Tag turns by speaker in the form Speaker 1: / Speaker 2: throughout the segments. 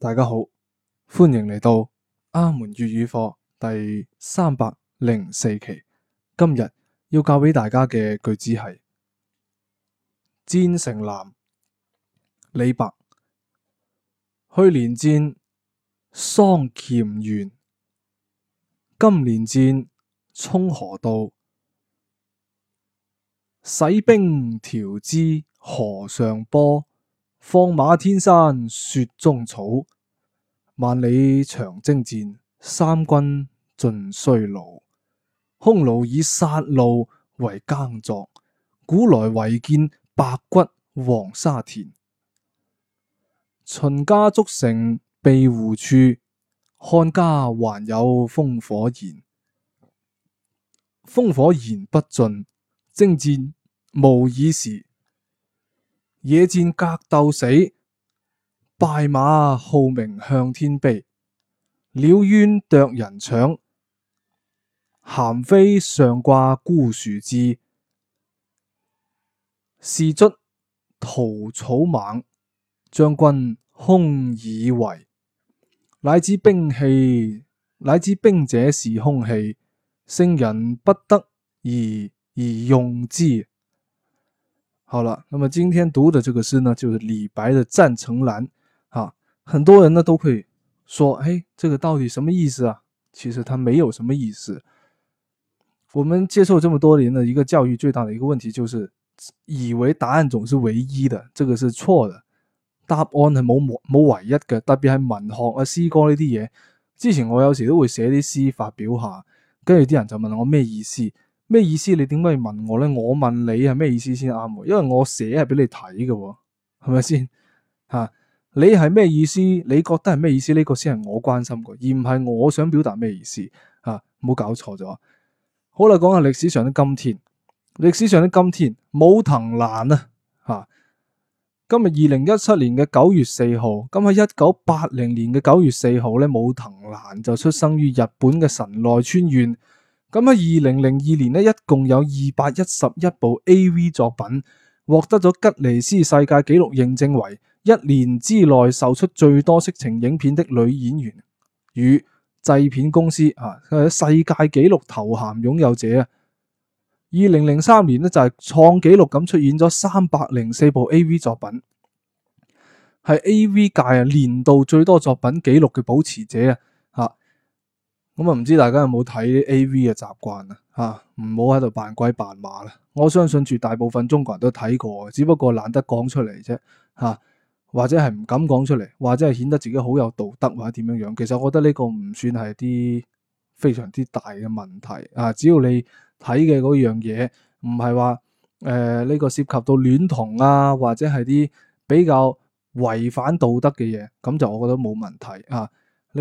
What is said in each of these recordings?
Speaker 1: 大家好，歡迎嚟到阿門粵語課第三百零四期。今日要教俾大家嘅句子係《戰城南》，李白。去年戰桑乾源；今年戰蔥河道。洗兵條支河上波，放馬天山雪中草。萬里長征戰，三軍盡衰老。匈奴以殺戮為耕作，古來唯見白骨黃沙田。秦家築城避胡處，漢家還有烽火燃。烽火燃不盡，征戰無已時。野戰格鬥死。大馬號鳴向天悲，鳥鳶啄人腸，寒飛上掛孤樹枝。士卒屠草莽，將軍空以為。乃知兵器，乃知兵者是凶器，聖人不得而而用之。好了，那麼今天讀的這個詩呢，就是李白的《戰城南》。很多人呢都會說，誒、哎，這個到底什麼意思啊？其實佢沒有什麼意思。我們接受這麼多年的一個教育，最大的一個問題就是以為答案總是唯一的，這個是錯的。答案係，冇冇唯一嘅，特別係文學啊詩歌呢啲嘢。之前我有時都會寫啲詩發表下，跟住啲人就問我咩意思？咩意思？你點解問我呢？我問你係咩意思先啱？因為我寫係俾你睇嘅，係咪先？吓、啊？你係咩意思？你覺得係咩意思？呢個先係我關心嘅，而唔係我想表達咩意思。嚇、啊，冇搞錯咗。好啦，講下歷史上的今天。歷史上的今天，武藤蘭啊，嚇、啊，今日二零一七年嘅九月四號。咁喺一九八零年嘅九月四號咧，武藤蘭就出生於日本嘅神奈川縣。咁喺二零零二年咧，一共有二百一十一部 AV 作品獲得咗吉尼斯世界紀錄認證為，一年之內售出最多色情影片的女演員與製片公司啊，世界紀錄頭銜擁有者啊，二零零三年呢就係創紀錄咁出現咗三百零四部 AV 作品，係 AV 界啊年度最多作品紀錄嘅保持者啊，吓，咁啊唔知大家有冇睇 AV 嘅習慣啊？吓，唔好喺度扮鬼扮馬啦！我相信絕大部分中國人都睇過，只不過懶得講出嚟啫，吓、啊。或者係唔敢講出嚟，或者係顯得自己好有道德或者點樣樣，其實我覺得呢個唔算係啲非常之大嘅問題啊。只要你睇嘅嗰樣嘢唔係話誒呢個涉及到戀童啊，或者係啲比較違反道德嘅嘢，咁就我覺得冇問題啊。呢、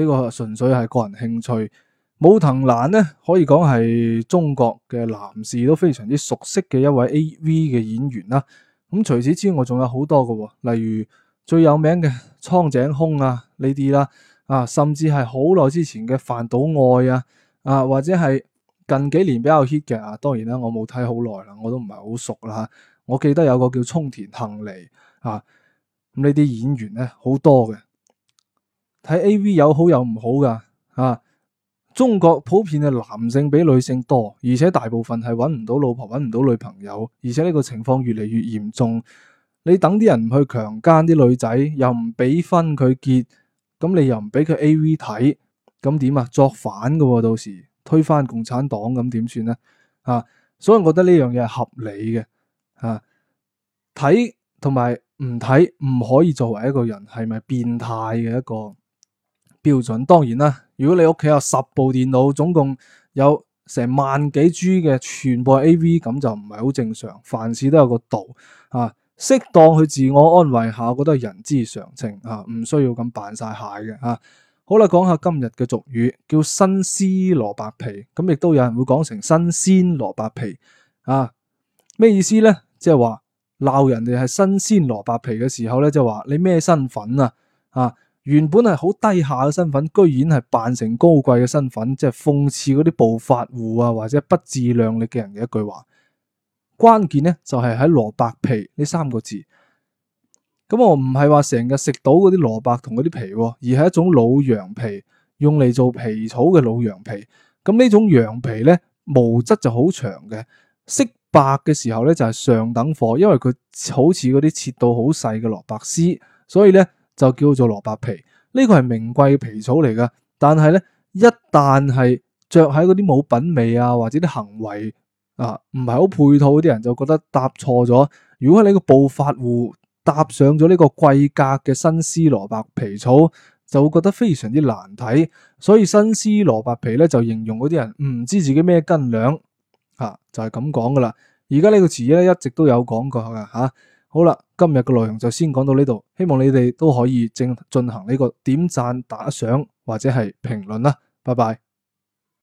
Speaker 1: 這個純粹係個人興趣。武藤蘭咧可以講係中國嘅男士都非常之熟悉嘅一位 AV 嘅演員啦。咁、啊、除此之外，仲有好多嘅，例如。最有名嘅蒼井空啊呢啲啦，啊，甚至係好耐之前嘅飯島愛啊啊，或者係近幾年比較 hit 嘅啊，當然啦我冇睇好耐啦，我都唔係好熟啦、啊。我記得有個叫沖田杏梨啊呢啲演員咧好多嘅，睇 A V 有好有唔好噶啊。中國普遍嘅男性比女性多，而且大部分係揾唔到老婆，揾唔到女朋友，而且呢個情況越嚟越嚴重。你等啲人唔去強奸啲女仔，又唔俾分佢結，咁你又唔俾佢 A.V. 睇，咁點啊？作反噶，啊，到時推翻共產黨咁點算呢？啊，所以我覺得呢樣嘢係合理嘅。啊，睇同埋唔睇唔可以作為一個人係咪變態嘅一個標準。當然啦，如果你屋企有十部電腦，總共有成萬幾 G 嘅全部 A.V. 咁就唔係好正常。凡事都有個度啊。適當去自我安慰下，我覺得係人之常情吓，唔需要咁扮晒蟹嘅吓。好啦，講下今日嘅俗語，叫新絲蘿蔔皮，咁亦都有人會講成新鮮蘿蔔皮啊。咩意思咧？即係話鬧人哋係新鮮蘿蔔皮嘅時候咧，就話你咩身份啊？啊，原本係好低下嘅身份，居然係扮成高貴嘅身份，即係諷刺嗰啲暴發戶啊，或者不自量力嘅人嘅一句話。關鍵咧就係喺蘿蔔皮呢三個字，咁我唔係話成日食到嗰啲蘿蔔同嗰啲皮，而係一種老羊皮，用嚟做皮草嘅老羊皮。咁呢種羊皮咧毛質就好長嘅，色白嘅時候咧就係上等貨，因為佢好似嗰啲切到好細嘅蘿蔔絲，所以咧就叫做蘿蔔皮。呢個係名貴嘅皮草嚟噶，但係咧一旦係着喺嗰啲冇品味啊或者啲行為。啊，唔係好配套啲人就覺得搭錯咗。如果你個暴發戶搭上咗呢個貴格嘅新絲蘿蔔皮草，就會覺得非常之難睇。所以新絲蘿蔔皮咧就形容嗰啲人唔知自己咩斤兩，吓、啊、就係咁講噶啦。而家呢個詞語咧一直都有講過噶吓、啊。好啦，今日嘅內容就先講到呢度，希望你哋都可以正進行呢個點讚、打賞或者係評論啦。拜拜。